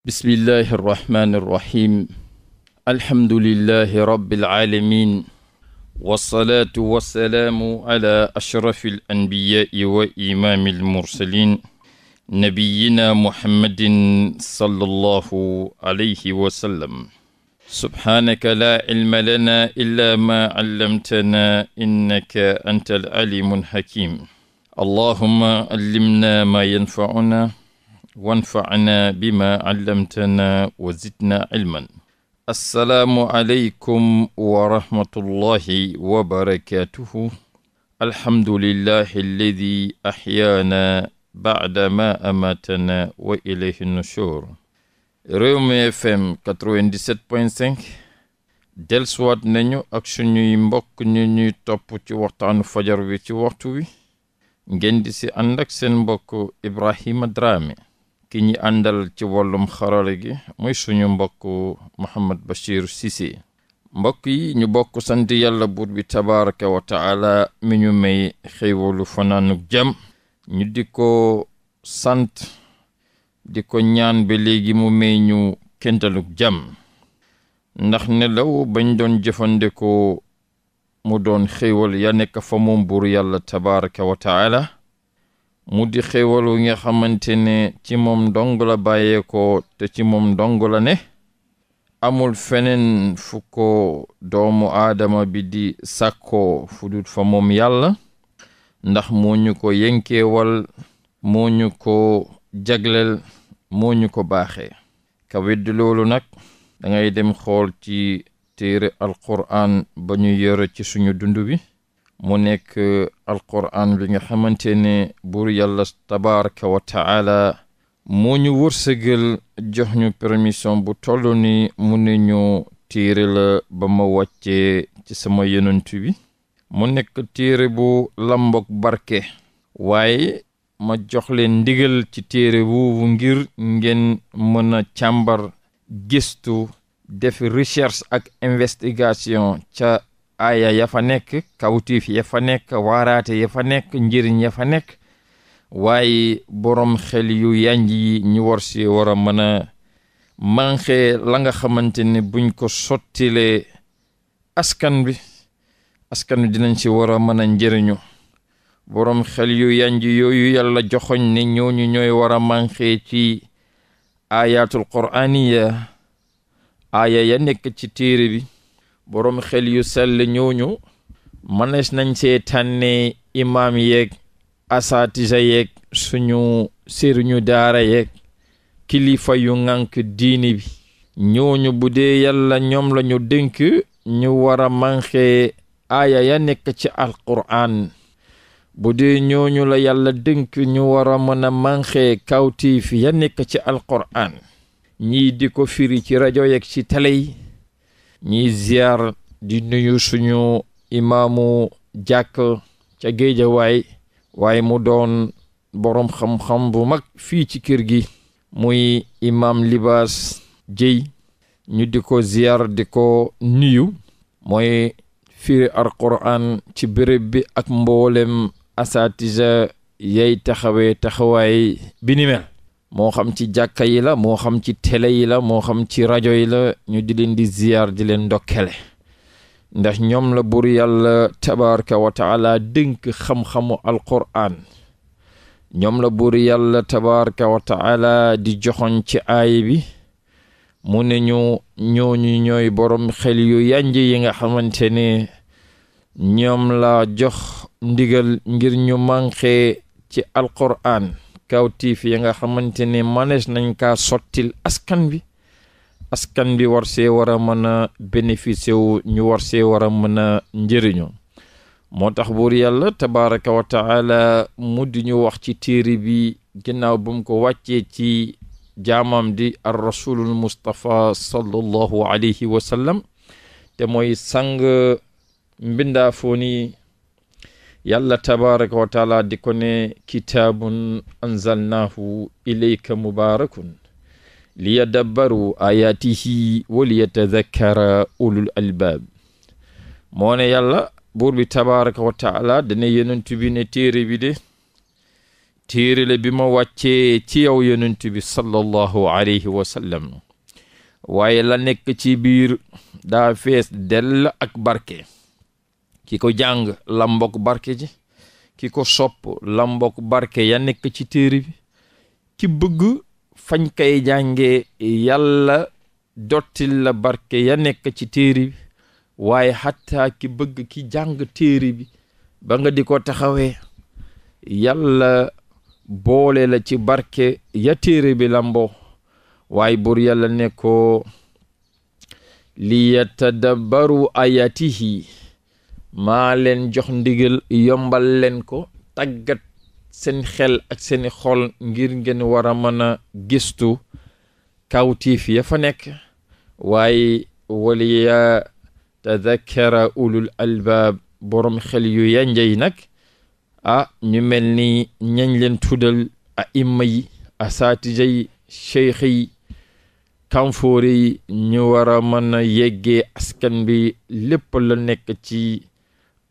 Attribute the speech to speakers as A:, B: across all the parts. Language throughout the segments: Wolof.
A: bismillahi arrahmani irrahim alhamdulilahi rabiilalamin walsalaatu walsalaamu ala ashrafi alanbiyaai wa imaami almursalin nabiyina muhammadin sala allahu alayhi wasallam subhaanaka laa cilma lanaa illaa maa callamtanaa innaka anta alcalimu alxakim allahuma allimna maa yanfacunaa wanfacna bima allamtana wa zidna ilman assalaamu aleykum wa rahmatullahi wa barakatuhu alhamdulillahi alladi axyaana baada ma amatana wa ilayhi nushur Rewmi FM 97.5 delsuwaat nañu ak suñuy mbokk ñu ñuy topp ci waxtaanu fajar wi ci waxtu wi ngeen di si ànd ak seen mbokk Ibrahima Dramé ki ñi àndal ci wàllum xarala gi muy suñu mbokk Mouhamed Bachir Cissé mbokk yi ñu bokk sant yàlla buur bi tabaraka wa taala mi ñu may xéewalu fanaanuk jam ñu di ko sant di ko ñaan ba léegi mu may ñu kentaluk jàmm ndax nelaw bañ doon jëfandikoo mu doon xéewal ya nekk fa moom buur yàlla tabaraka wa taala mu di xéewalu nga xamante ne ci moom dong la bàyyeekoo te ci moom dong ne amul feneen fu ko doomu aadama bi di sàkkoo fu dut fa moom yàlla ndax mooñu ko yënkeewal moo ñu ko jagleel moo ñu ko baaxee ka weddi loolu nag da ngay dem xool ci téere alquran ba ñu yore ci suñu dund bi mu nekk uh, alquran bi nga xamante ne buur yàlla tabaraka wa moo ñu wërsëgal jox ñu permission bu toll ni mu ne ñu téere la ba ma wàccee ci sama yonent bi mu nekk téere bu lambok barke waaye ma jox leen ndigal ci téere boobu ngir ngeen mën a càmbar gëstu def recherche ak investigation ca aaya yafa nekk kawtiif ya fa nekk waraate ya fa nekk njëriñ ya fa nekk waaye boroom xel yu yanj yi ñu war si war a mën a manqué la xamante ne buñ ko sottilee askan bi askan dinañ si war a mën a njëriñu boroom xel yu yanj yooyu yalla joxoñ ne ñooñu ñooy war a manqué ci ayatul quraaniya aaya ya nekk ci téere bi borom xel yu sell ñooñu mënees nañ see ne imaam yeeg asaatisa yeeg suñu sëriñu daara yeeg kilifa yu ŋànk diini bi ñooñu bu dee yàlla ñoom la ñu dénk ñu war a manxee aaya ya nekk ci alquraan bu dee ñooñu la yàlla dënk ñu war a mën a manxee kawtiif ya nekk ci alquraan ñii di ko firi ci rajo yeeg ci télé yi ñiy ziar di nuyu suñu imaamu jàkk ca géejawaay waaye mu doon boroom xam-xam bu mag fii ci kër gi muy imaam libaas jëy ñu di ko ziar di ko nuyu mooy firi alquran ci béréb bi ak mboolem asaatisa yay taxawee taxawaay bi moo xam ci jàkka yi la moo xam ci télé yi la moo xam ci rajo yi la ñu di leen di ziyaar di leen ndokkele ndax ñoom la buur yàlla tabaraka wa taala dénk xam-xamu alquraan ñoom la buur yàlla tabaraka wa di joxoñ ci aay bi mu ne ñu ñooñu ñooy borom xel yu yanj yi nga xamante ne ñoom la jox ndigal ngir ñu manqué ci alquraan kawtiif ya nga xamante ne manees nañ ka sottil askan bi askan bi war see war a mën a bénéficier wu ñu war se war a mën a njëriñoo moo tax buur yàlla tabaraka wa taala mu di ñu wax ci téere bi ginnaaw bu mu ko wàccee ci jaamam di ar rasulul mustapha sallallahu alayhi wa te mooy sang mbindaa foo yàlla tabaraka wa taala di ko ne kitaabun anzalnaahu ilayka mubaarakun liyadabbaru ayaatihi wa liyatadakkara ulul albaab moo ne yàlla buur bi tabaraka wa taala dana yonent bi ne téere bi de téere la bi ma wàccee ci yow yonent bi sallallahu alayhi wa sallam la nekk ci biir daa fees dell ak ki ko jàng lambok barke ji ki ko sopp lambok barke ya nekk ci téere bi ki bëgg fañ kay jànge yàlla dottil la barke ya nekk ci téere waaye xataa ki bëgg ki jàng téere bi ba nga di ko taxawee yàlla boole la ci barke ya téere bi lamboo waaye bur yàlla ne ko li yatadabbaru ayatihi maa leen jox ndigal yombal leen ko tàggat seen xel ak seeni xol ngir ngeen war a mën a gistu kawtiif ya fa nekk waaye waliya tadakkara ulul albaab borom xel yu yanjey nag ah ñu mel ni ñañ leen tuddal a imma yi asaatija yi cheikh yi kamfoore yi ñu war a mën a yeggee askan bi lépp la nekk ci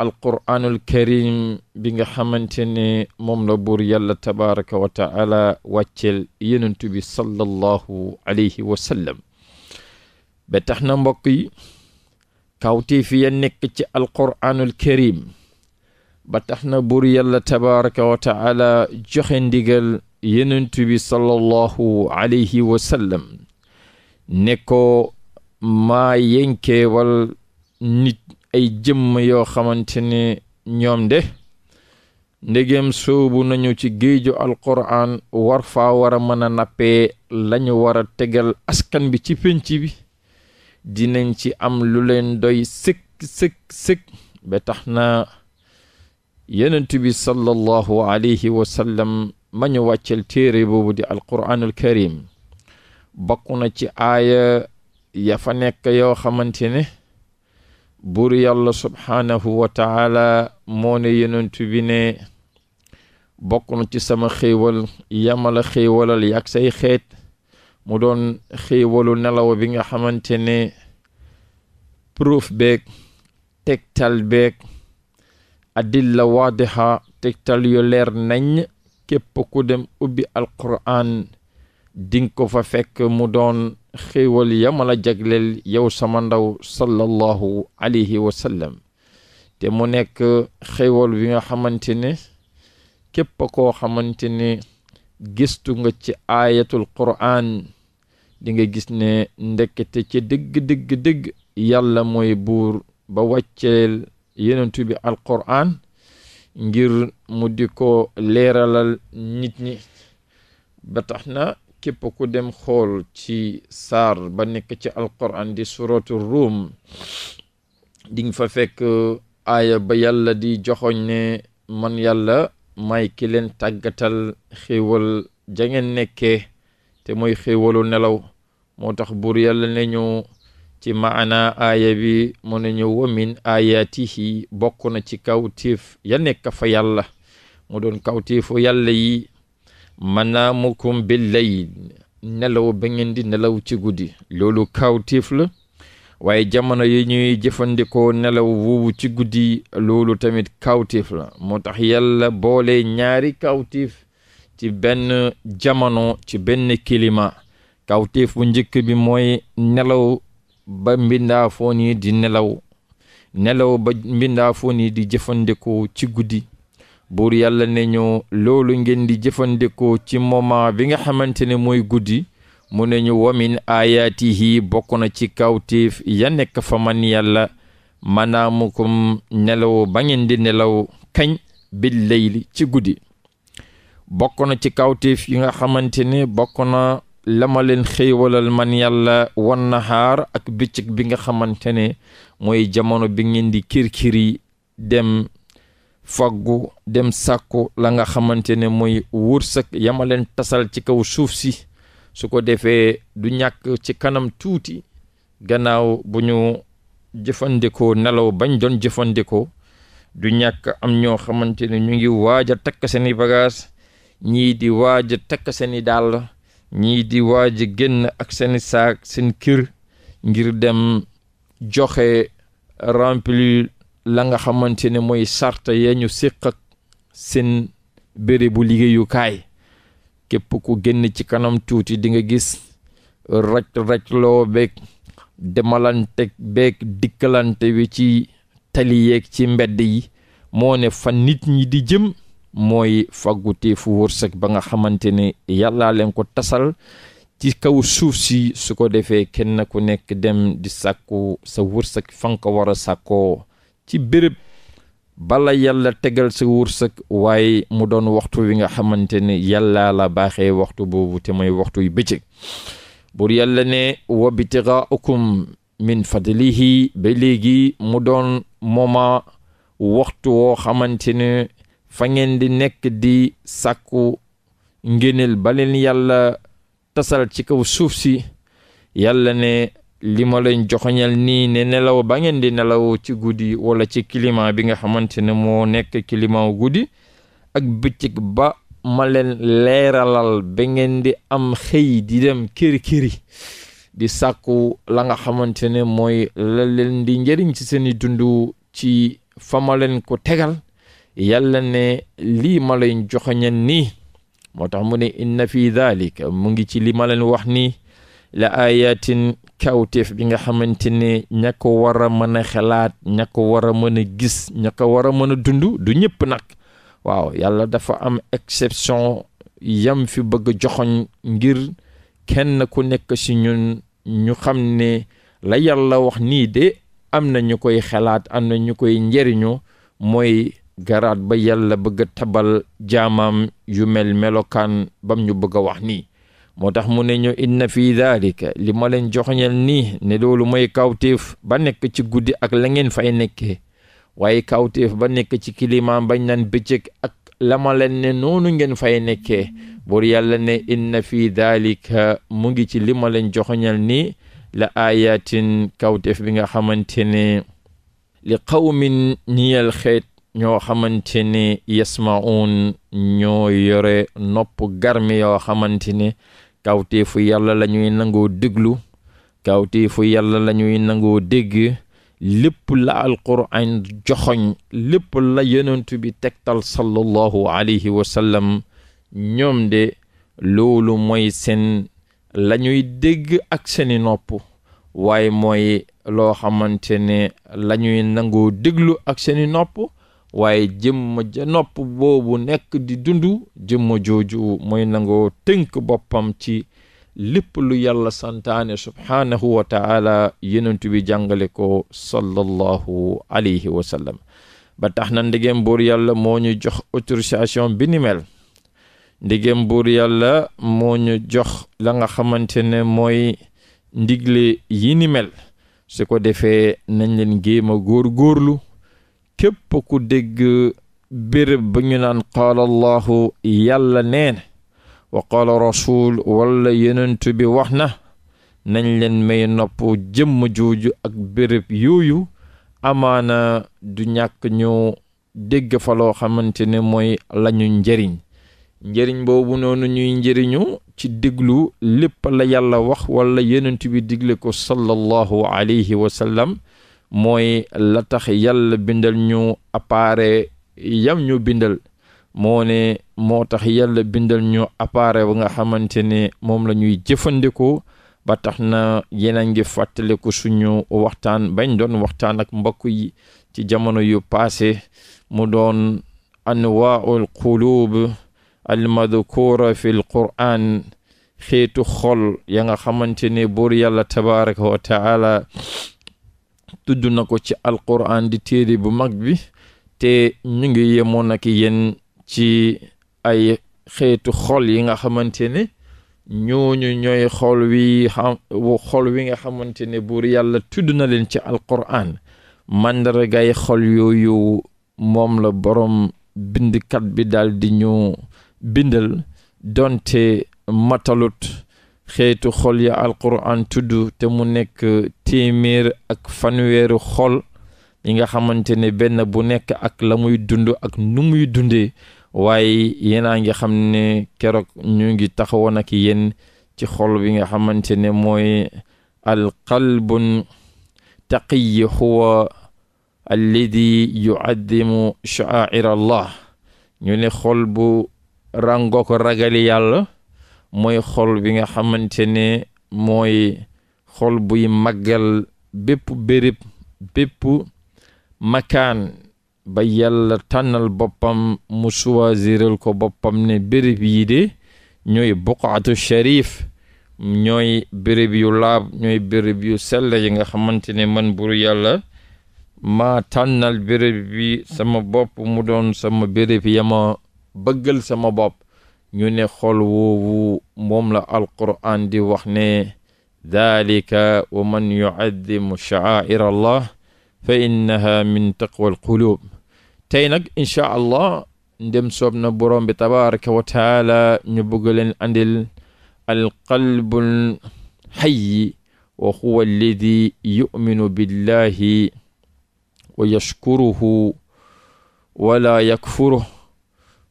A: alquraanul karim bi nga xamante ne moom la buur yàlla tabaraka wa taala wàccel yenentu bi sallallahu alayhi wa sallam ba tax na mbokk yi kawtee ya nekk ci alquraanul karim ba tax na buur yàlla tabaraka wa taala joxe ndigal yenentu bi sallallahu alayhi wa sallam ne nit ay jëmm yoo xamante ne ñoom de ndegem soobu nañu ci géeju alquran war faa war a mën a nappee lañu war a tegal askan bi ci pénc bi dinañ ci am lu leen doy sëkk sëkk sëkk ba tax na yenent bi sallallahu alayhi wa sallam ma wàccel téere boobu di alquranul karim bokk na ci aaya ya fa nekk yoo xamante ne buur yàlla subhaanahu wa taala moo ne ci sama xéewal yamala xéewalal yàg say xeet mu doon xéewalu nelaw bi nga xamante ne proof beeg tegtal adilla waadiha tegtal yu leer nañ képp ku dem ubbi alquran dinga ko fa fekk mu doon xéewal ya jagleel yow sama ndaw sallallahu alayhi wa te mu nekk xewal bi nga xamante ne képp koo xamante ne gistu nga ci ayatul quraan di nga gis ne ndekkete ci dëgg dëgg dëgg yàlla mooy buur ba wàcceel yenentu bi al quraan ngir mu di ko leeralal nit ñi ba tax na képp ku dem xool ci saar ba nekk ci alquran di suratu ruum di fa fekk uh, aaya ba yàlla di joxoñ ne man yàlla may ki leen tàggatal xéewal ja nekkee te mooy xéewalu nelaw moo tax buur yàlla ne ñu ci maana aaya bi mu ne ñu wa min aayaatihi bokk na ci kawtiif ya nekk fa yàlla mu doon kawtiifu yàlla yi manaamukum billayl nelaw ba ngeen di nelaw ci guddi loolu kawtiif la waaye jamono yi ñuy jëfandikoo nelaw woowu ci guddi loolu tamit kawtiif la moo tax yàlla boole ñaari kawtiif ci benn jamono ci benn kilima kawtiif bu njëkk bi mooy nelaw ba mbindaafoon yi di nelaw nelaw ba mbindaafoon yi di jëfandikoo ci guddi buur yàlla ne ñu loolu ngeen di jëfandikoo ci moment bi nga xamante ne mooy guddi mu ne ñu wamin aayaatihi bokk na ci kawtéef ya nekk fa man yàlla manaamukum nelaw ba ngeen di nelaw kañ bil layli ci guddi bokk na ci kawtiif yi nga xamante ne bokk na la leen xéewalal man yàlla wan nahaar ak bëccëg bi nga xamante mooy jamono bi ngeen di kirkiri dem faggu dem sàkku la nga xamante ne mooy wërsëg yama leen tasal ci kaw suuf si su ko defee du ñàkk ci kanam tuuti gannaaw bu ñu jëfandikoo nelaw bañ doon jëfandikoo du ñàkk am ñoo xamante ne ñu ngi waaj a takk seeni bagaas ñii di waaj a takk seeni dàll ñii di waaj a génn ak seeni saak seen kër ngir dem joxe remplir la nga xamante ne mooy sart ya ñu siq ak seen bérébu liggéeyukaay képp ku génn ci kanam tuuti dinga gis raj-rajloo beeg demalante beeg dikkalante wi ci tali yeeg ci mbedd yi moo ne fa nit ñi di jëm mooy faggutee fu wërsëg ba nga xamante ne yàllaa leen ko tasal ci kaw suuf si su ko defee kenn ku nekk dem di sàkku sa wërsëg fa nga ko war a sàkkoo ci bërëb bala yàlla tegal sa wërsëg waaye mu doon waxtu wi nga xamante ne yàlla la baaxe waxtu boobu te mooy waxtu yu bëccëg buur yàlla ne wa bitigaaukum min fadlihi ba léegi mu doon mooma waxtu woo xamante ne fa ngeen di nekk di sàkku ngéneel baleen yàlla tasal ci kaw suuf si yàlla ne lii ma leen joxoñal nii ne nelaw ba ngeen di nelaw ci guddi wala ci climat bi nga xamante ne moo nekk climat guddi ak bëccëg ba ma leen leeralal ba ngeen di am xëy di dem kiri-kiri di sakku la nga xamante ne mooy la leen di njëriñ ci seeni dundu ci fa ma ko tegal yalla ne lii ma leen joxoñal ni moo tax mu ne inna fi daalika mu ngi ci li ma leen wax nii la ayatin kawteef bi nga xamante ne ña ko war a mën a xalaat ña ko war a mën gis ña ko war a mën a dund du ñëpp nag waaw yàlla dafa am exception yam fi bëgg joxoñ ngir kenn ku nekk si ñun ñu xam ne la yàlla wax nii de am na ñu koy xalaat am na ñu koy njëriñu mooy garaat ba yàlla bëgg tabal jaamam yu mel melokaan bam ñu bëgg a wax nii moo tax mu ne ñu inna fi daalika li ma leen joxoñal nii ne loolu mooy kawtéef ba nekk ci guddi ak la ngeen fay nekkee waaye kawtéef ba nekk ci kilimaam bañ naan bëccëg ak la ma leen ne noonu ngeen fay nekkee buur yàlla ne inna fi daalika mu ngi ci li ma leen joxoñal nii la ayatin kawtéef bi nga xamante ne li qawmin ñiyal xeet ñoo xamante ne yasmaun ñoo yore nopp garmi yoo xamante ne kawteefu yàlla la ñuy nangoo déglu kawteefu yàlla lañuy nangoo dégg lépp la alquran joxoñ lépp la yonent bi tegtal sallallahu alayhi wa sallam ñoom de loolu mooy seen la dégg ak seeni nopp waaye mooy loo xamante ne la ñuy nangoo déglu ak seeni nopp waaye jëmma ja nopp boobu nekk di dundu jëmma jooju mooy nangoo tënk boppam ci lépp lu yàlla santaane subhaanahu wa taala yenentu bi jàngale ko sallallahu alayhi wa sallam ba tax na ndegem buur yàlla moo ñu jox autorisation bi ni mel ndegem buur yàlla moo jox la nga xamante ne mooy ndigle yinimel si ko defee nañ leen géem a góor góorlu képp ku dégg béréb ba ñu naan qaala allahu neen wa qaala rasul wala yonent bi wax na nañ leen may nopp jëmm jooju ak béréb yooyu amaana du ñàkk ñu dégg fa loo xamante ne mooy lañu njëriñ njëriñ boobu noonu ñuy njëriñu ci déglu lépp la yàlla wax wala yonent bi digle ko sallallahu alayhi wa mooy la tax yàlla bindal ñu appareil yam ñu bindal moo ne moo tax yàlla bindal ñu appareil ba nga xamante ne moom la ñuy jëfandikoo ba tax na yéen a ngi fàttaliku suñu waxtaan bañ doon waxtaan ak mbokk yi ci jamono yu paase mu doon anwaa'ul quluub almadkuura fi l qur'aan xeetu xol ya nga xamante ne buur yàlla tabaraka wa tudd na ko ci alquran di téere bu mag bi te ñu ngi yemoon ak yéen ci ay xeetu xool yi nga xamante ne ñooñu ñooy xol wi xam wi nga xamante ne buur yàlla tudd na leen ci alquran màndargay xol yooyu moom la borom bindkat bi daal di ñu bindal donte matalut xeetu xol ya alquran tudd te mu nekk téeméer ak fanweeru xool yi nga xamante ne benn bu nekk ak la muy dund ak nu muy dundee waaye yéenaa ngi xam ni keroog ñu ngi taxawoon ak yéen ci xool bi nga xamante ne mooy alqalbun taqiyi huwa alladi yuaddimu sha'air allah ñu ne xol bu ràngoo ko ragali yàlla mooy xol bi nga xamante ne mooy xol buy màggal bépp béréb bépp makaan ba yàlla tànnal boppam mu choisiral ko boppam ne béréb yi de ñooy buqaatu sharif ñooy béréb yu laab ñooy béréb yu sell yi nga xamante ne man buru yàlla maa tànnal béréb bi sama bopp mu doon sama béréb ya ma bëggal sama bopp ñu ne xol woowu moom la alquran di wax ne dalika wa man yucaddimu sha'aa'ira allah fa innaha min taqwa alquluub tey nag inchaa allah ndem soob na borom bi tabaraka wa taala ñu bëgg leen andil alqalbul hayy wa huwa alladi yuminu billahi wa yashkuruhu wala yakfuruhu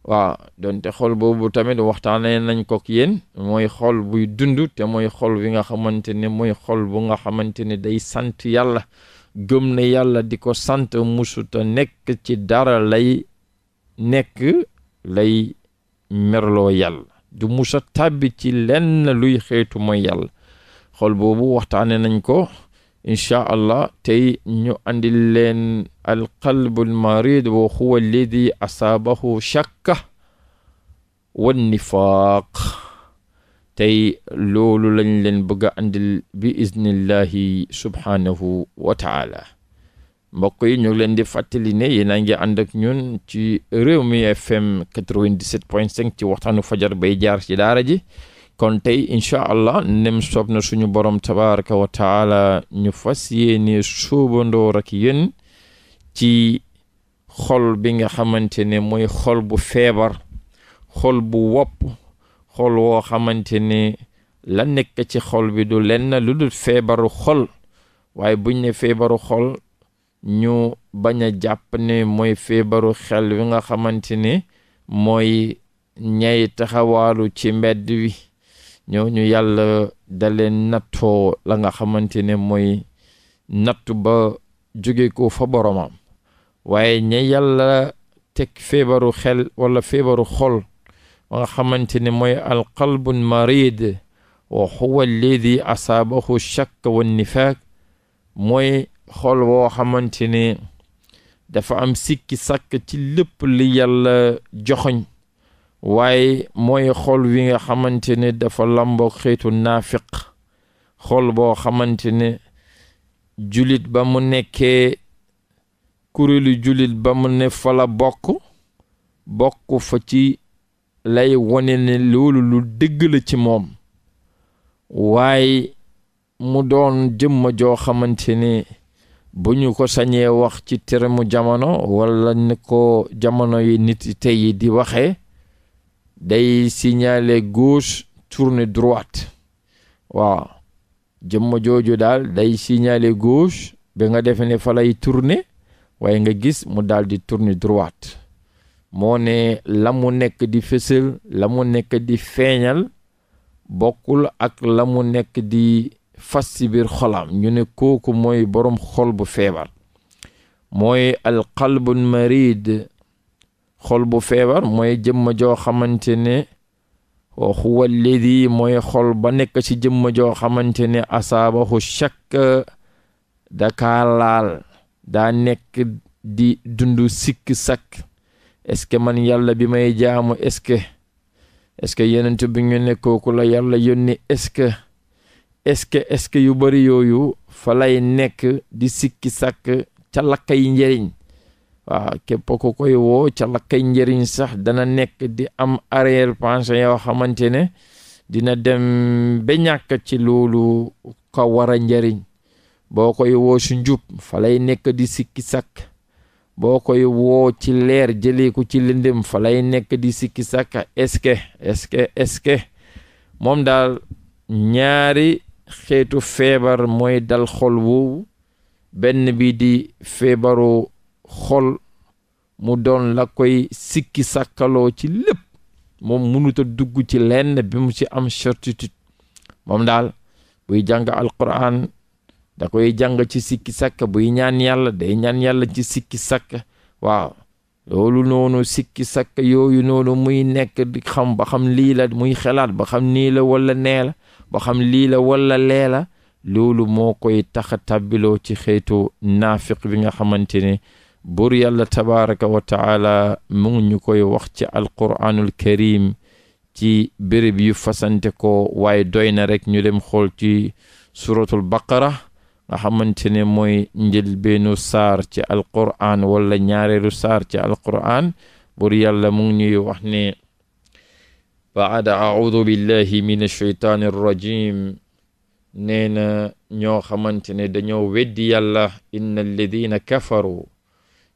A: waaw donte xol boobu tamit waxtaanee nañ ko ak yéen mooy xol buy dund te mooy xol bi nga xamante ne mooy xol bu nga xamante ne day sant yàlla gëm na yàlla di ko sant musuta nekk ci dara lay nekk lay merlo yàlla du musa tàbbi ci lenn luy xeetu mooy yàlla xol boobu waxtaanee nañ ko incha allah tey ñu andi leen alqalbu almarid wa huwa alladi asaabahu shakka wa nifaaq tey loolu lañ leen bëgg a àndil bi iznillahi subhaanahu wa taala mbokk yi ñu ngi leen di fàttali ne yéen a ñun ci réew mi fm 97.5 ci waxtaanu fajar bay jaar ci daara ji kon tey incha allah nem soob na suñu borom tabaraka wa ñu fas yéene sóobandoo ak yéen ci xol bi nga xamante ne mooy xol bu feebar xol bu wopp xol woo xamante ne la nekk ci xol bi du lenn lu dul feebaru xol waaye buñ ne feebaru xol ñu bañ a jàpp ne mooy feebaru xel wi nga xamante ne mooy ñay taxawaalu ci mbedd wi ñu yàlla da leen nattoo la nga xamante ne mooy natt ba jóge ko fa boromam waaye ña yàlla teg feebaru xel wala feebaru xool ba nga xamante ne mooy alqalbul marid wa huwa alladi asaabahu shakk wa mooy xool woo xamante ne dafa am sikki sakk ci lépp li yàlla joxoñ waaye mooy xool wi nga xamante ne dafa lamboo xeetu naafiq xool boo xamante julit ba mu nekkee kuréelu jullit ba mu ne fa la bokk bokk fa ci lay wone ne loolu lu dëgg la ci moom waaye mu doon jëmma joo xamante ne bu ñu ko sañee wax ci terme jamono walla ni ko jamono yi nit tey di waxe day signaler gauche tourner droite waaw jëmma jooju daal day signaler gauche bi nga defe ne fa lay tourner waaye nga gis mu daal di tourner droite moo ne la mu nekk di fësal la mu nekk di feeñal bokkul ak la mu nekk di fas ci biir xolam ñu ne kooku mooy boroom xol bu feebar mooy alqalbul marid xol bu feebar mooy jëmm joo xamante ne huwa alladi mooy xol ba nekk ci jëmm joo xamante ne asaabahu shakk daka laal daa nekk di dund sikk sakk est-ce que man yàlla bi may jaamu est-ce que est-ce que yenent bi ñu nekkoo kooku la yàlla yónni est-ce que est-ce que est-ce que yu bari yooyu fa nekk di sikki sàkk ca lakkay njëriñ waaw képp ko koy woo ca lakkay njëriñ sax dana nekk di am arrière pensée yoo xamante ne dina dem ba ñàkk ci loolu ko war a njëriñ boo koy woo ci njub fa lay nekk di sikki sàkk boo koy woo ci leer jëlee ko ci lëndëm falay nekk di sikki sakk est-ce que est moom daal ñaari xeetu feebar mooy dal xol woowu benn bi di feebaru xol mu doon la koy sikki sàkkaloo ci lépp moom mënut dugg ci lenn bi mu ci am certitude moom daal buy jàng alquran da koy jàng ci sikki sàkk buy ñaan yàlla day ñaan yàlla ci sikki sàkk waaw loolu noonu sikki sàkk yooyu noonu muy nekk xam ba xam lii la muy xelaat ba xam nii la wala nee la ba xam lii la wala lee la loolu moo koy tax a tàbbiloo ci xeetu naafiq bi nga xamante ne buur yàlla tabaraka wa taala ñu koy wax ci alquraanul karim ci béréb yu fasante ko waaye doy na rek ñu dem xool ci suratul baqara nga xamante ne mooy njëlbeenu saar ci wala ñaareelu saar ci alquran bur yàlla mu ngi wax ne baada audu billahi min alsheytaani arrajim nee na ñoo xamante ne dañoo weddi yàlla inna alladina kafaru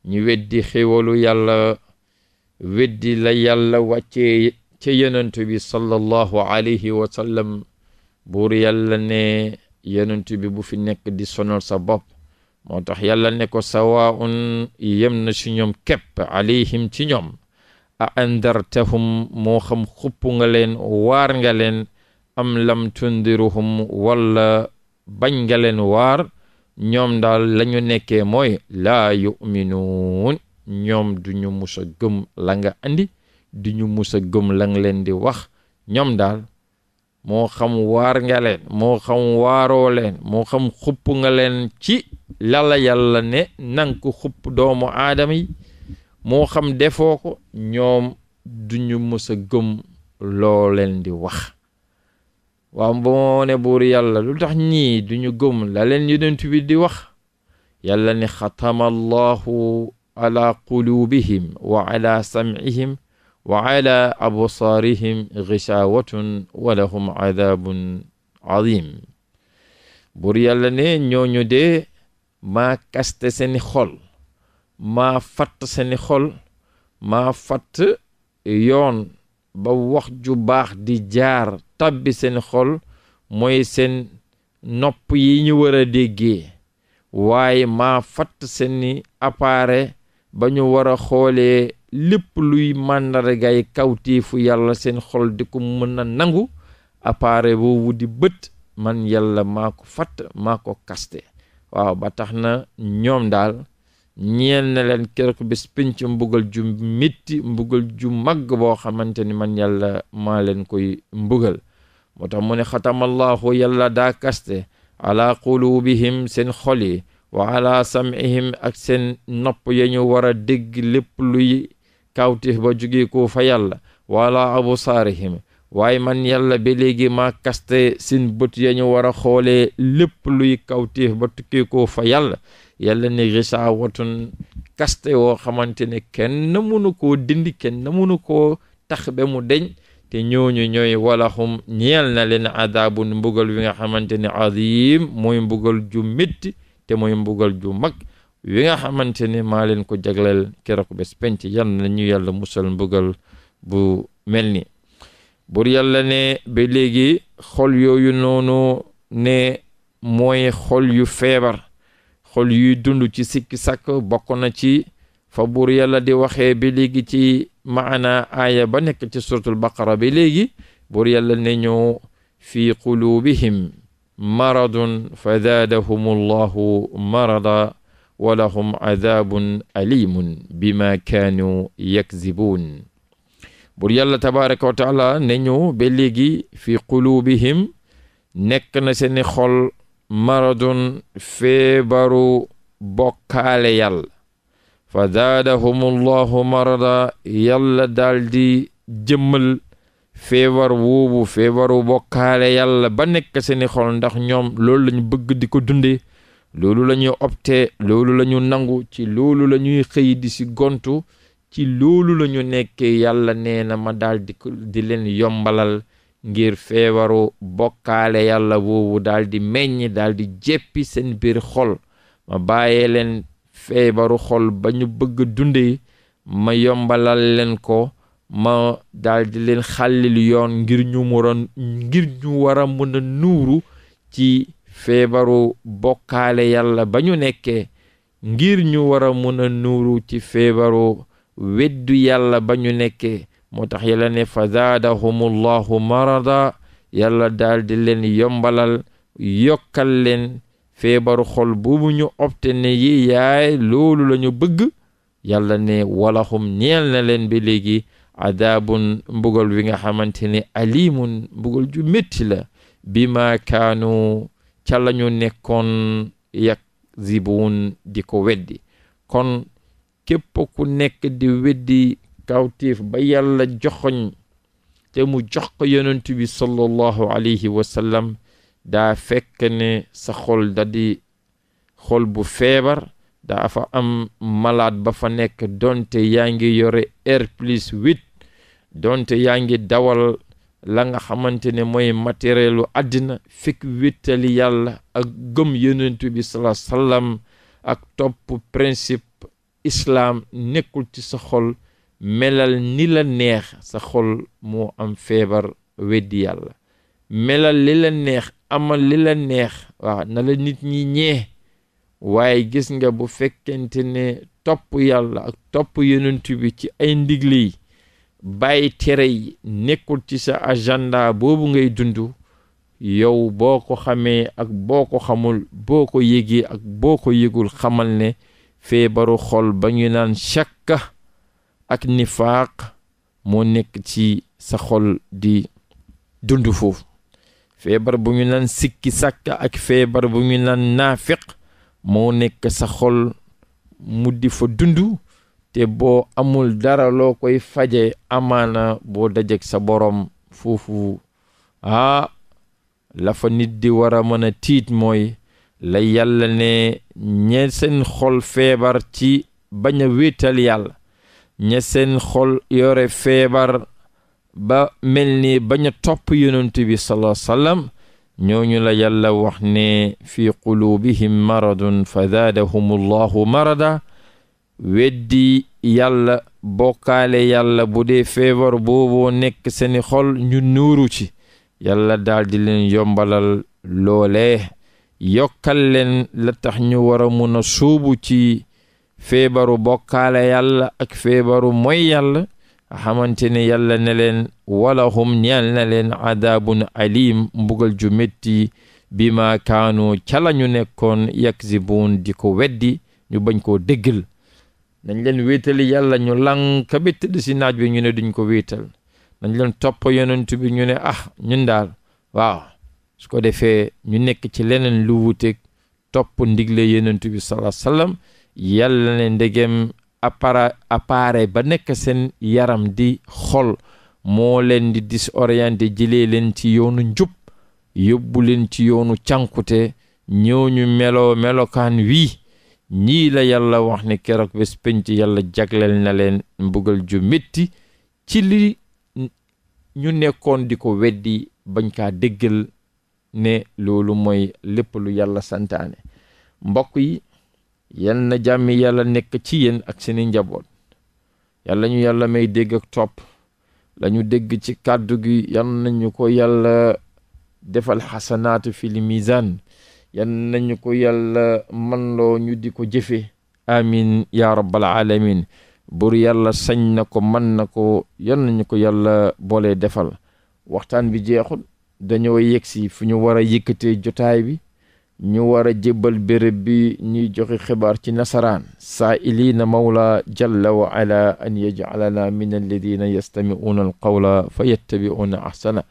A: ñu weddi xéwalu yàlla weddi la yàlla wàccee ca yonent bi sallallahu alayhi wa sallam buur ne yonent bi bu fi nekk di sonal sa bopp moo tax yàlla ne ko sawaun yem na si ñoom képp alayhim ci ñoom a andartahum moo xam xuppu nga leen waar nga leen am lam tundiruhum wala bañ nga leen waar ñoom daal lañu ñu nekkee mooy laa yuminuun ñoom du ñu mus a gëm la andi du ñu mus a leen di wax ñoom daal moo xam waar nga leen moo xam waaroo leen moo xam xupp nga leen ci lala yàlla ne nang xupp doomu aadama yi moo xam defoo ko ñoom duñu mës a gëm loo leen di wax waaw moo ne buur yàlla lu tax ñii duñu gëm la leen ñu bi di wax yàlla ne xatama allahu ala qulubihim wa ala sam'ihim wa ala absaarihim ghishaawatun wa lahum adaabun adim buur yàlla ne ñooñu de maa kaste seeni xol maa fatt seeni xol maa fatt yoon ba wax ju baax di jaar tabbi seen xol mooy seen nopp yi ñu war a déggee waaye maa fatt seeni appareil ba ñu war a xoolee lépp luy màndargaay kawteefu yàlla seen xol di ko mën a nangu appareil boobu di bët man yàlla maa ko fatt maa ko kaste waaw ba tax na ñoom daal ñeel na leen keroog bés penc mbugal ju métti mbugal ju màgg boo xamante ni man yàlla maa leen koy mbugal moo tax mu ne yalla yàlla daa kaste ala qulubihim seen xol yi wa ala ak seen nopp yañu ñu war a luy kawti ba jugee ko fa yàlla wala absaarihim waaye man yàlla ba léegi ma kaste seen bët ya ñu war a xoolee lépp luy kawtif ba tukkee ko fa yàlla yàlla ne gishaawatun kaste woo xamante ne kenn mënu koo dindi kenn mënu koo tax ba mu deñ te ñooñu ñooy walahum ñeel na leen adaabun mbugal wi nga xamante ne azim mooy mbugal ju métti te mooy mbugal ju mag wi nga xamante ne maa leen ko jagleel keroog bés penc yal na ñu yàlla musal mbugal bu mel ni bur yàlla ne ba léegi xol yooyu noonu ne mooy xol yu feebar xol yuy dund ci sikki sak bokk na ci fa buur yàlla di waxee ba léegi ci maana aaya ba nekk ci baqara ba léegi buur yàlla ne ñoo fi quluubihim maradun fa zaadahum allahu marada wa lahum adaabun alimun bima kaanu yakzibuun bur yàlla tabaraka wa taala ne ñu ba léegi fi quluubihim nekk na seeni xol maradun feebaru bokkaale yàlla fa zaadahum allahu marada yàlla daal di jëmmal feebar woobu feebaru bokkaale yàlla ba nekk seeni xol ndax ñoom loolu lañu bëgg di ko dunde loolu la ñuy loolu la nangu ci loolu lañuy ñuy xëy di si gontu ci loolu lañu ñu yàlla nee na ma daal di di leen yombalal ngir feebaru bokkaale yàlla woowu daldi di meññ daal di seen biir xol ma bàyyee leen feebaru xol ba ñu bëgg dunde ma yombalal leen ko ma daldi di leen xàllil yoon ngir ñu mu ngir ñu war a mën a nuuru ci feebaru bokkaale yàlla ba ñu nekkee ngir ñu war a mun a nuuru ci feebaru weddu yàlla ba ñu nekkee moo tax yàlla ne fa zaadahumullahu marada yàlla daldi leen yombalal yokkal leen feebaru xol boobu ñu opte ne yi yaay loolu lañu bëgg yàlla ne walahum ñeel na leen ba léegi adaabun mbugal wi nga xamante ne alimun mbugal ju métti la kaanu ca la ñu nekkoon yag zibuun di ko weddi kon képp ku nekk di weddi kawtéef ba yàlla joxoñ te mu jox ko yonent bi sallallahu alayhi wa sallam daa fekk ne sa xol da di xol bu feebar daa fa am malade ba fa nekk donte yaa ngi yore R plus 8 donte yaa dawal la nga xamante ne mooy matérielu àddina fekk wéttali yàlla ak gëm yonent bi salaa sallam ak topp principe islaam nekkul ci sa xol melal ni la neex sa xol moo am feebar weddi yàlla melal li la neex amal li la neex waaw na la nit ñi ñee waaye gis nga bu fekkente ne topp yàlla ak topp yonent bi ci ay ndigle yi bàyyi tere yi nekkul ci sa agenda boobu ngay dund yow boo ko xamee ak boo ko xamul boo ko yégee ak boo ko yégul xamal ne feebaru xol ba ñu naan shakka ak nifaaq moo nekk ci sa xol di dund foofu feebar bu ñu naan sikki sàkka ak feebar bu ñu naan naafiq moo nekk sa xol mu di fa dund te boo amul dara loo koy faje amaana boo dajeg sa borom foofu ah la fa nit di war a mën a tiit mooy la yàlla ne ñe xol feebar ci bañ a wéetal yàlla seen xol yore feebar ba mel ni bañ topp yonent bi sallallahu alayhi ñooñu la yàlla wax ne fi quluubihim maradun fa zaadahum allahu marada weddi yàlla bokkaale yàlla bu dee feebar booboo nekk seeni xol ñu nuuru ci yàlla daldi di leen yombalal loole yokkal leen la tax ñu war a mun suubu ci feebaru bokkaale yàlla ak feebaru mooy yàlla xamante ne yàlla ne leen wala hum ñeel na leen adaabun alim mbugal ju metti bi ma kaanu ca la ñu nekkoon yakzibuun di ko weddi ñu bañ ko déggal nañ leen wéetali yàlla ñu lànk bi tëdd si naaj bi ñu ne duñ ko wéetal nañ leen topp yonent bi ñu ne ah ñun daal waaw su ko defee ñu nekk ci leneen lu wuteeg topp ndigle yonent bi sallallahu alayhi yàlla ne ndegem appara appareil ba nekk seen yaram di xol moo leen di dis disorienté jilee leen ci yoonu njub yóbbu leen ci yoonu cànkute ñëw ñu meloo melokaan wii ñii la yàlla wax ne keroog bés penc yàlla jagleel na leen mbugal ju metti ci li ñu nekkoon di ko weddi bañ kaa déggal ne loolu mooy lépp lu yàlla santaane mbokk yi yan na jàmmi yàlla nekk ci yéen ak seeni njaboot yàlla ñu yàlla may dégg ak topp lañu dégg ci kàddu gi yal nañu ko yàlla defal xasanaatu fil mizaan yan nañu ko yàlla man loo ñu di ko jëfe amin ya rabbal alamin bur yàlla sañ na ko man na ko yan nañu ko yàlla boole defal waxtaan bi jeexul dañoo yegsi fu ñu war a yëkkatee jotaay bi ñu war a jébbal béréb bi ñuy joxe xibaar ci nasaraan saa iliina mawla jalla wa ala an yajcalana min alladina yastamicuuna alqawla fa yattabicuuna ahsana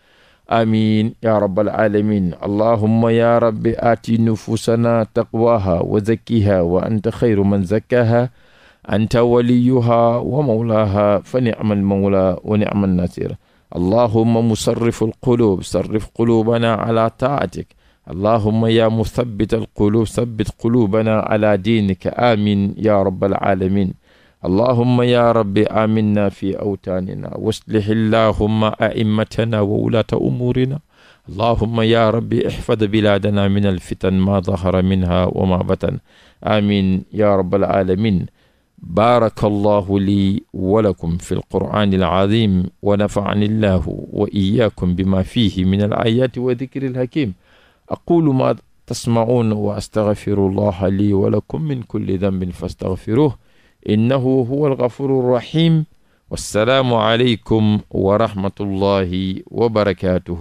A: amiin yaa rabbal aalamiin allahumma yaa rabbi aati nufuusanaa taqwaaha wa zakkiha wa anta xayru man zakkaaha anta waliyuha wa mawlaaha fa nicma almawla wa nicma alnasir allahumma musarrifu alquluub sarrif quluubanaa alaa taatik allahumma yaa musabbit alquluub sabbit quluubanaa alaa diinika amiin yaa rabbal aalamiin allahumma ya rabbi aminna fi awtaanina waslih allahumma aimmatana wa wulaata umuurina allahumma ya rabbi ihfad bilaadana min alfitan ma dahara minha wa ma batan amin ya rabbal alamin baaraka allahu lii wa lakum fi alqur'ani alazim wa nafa'ani allahu wa iyyakum bima fihi min alayati wa dhikri alhakim aqulu ma tasma'un wa astaghfiru allaha lii wa lakum min kulli dhanbin fastaghfiruh innahu huwa alghafuru rahim wassalaamu aleykum wa rahmatullahi wa barakatuhu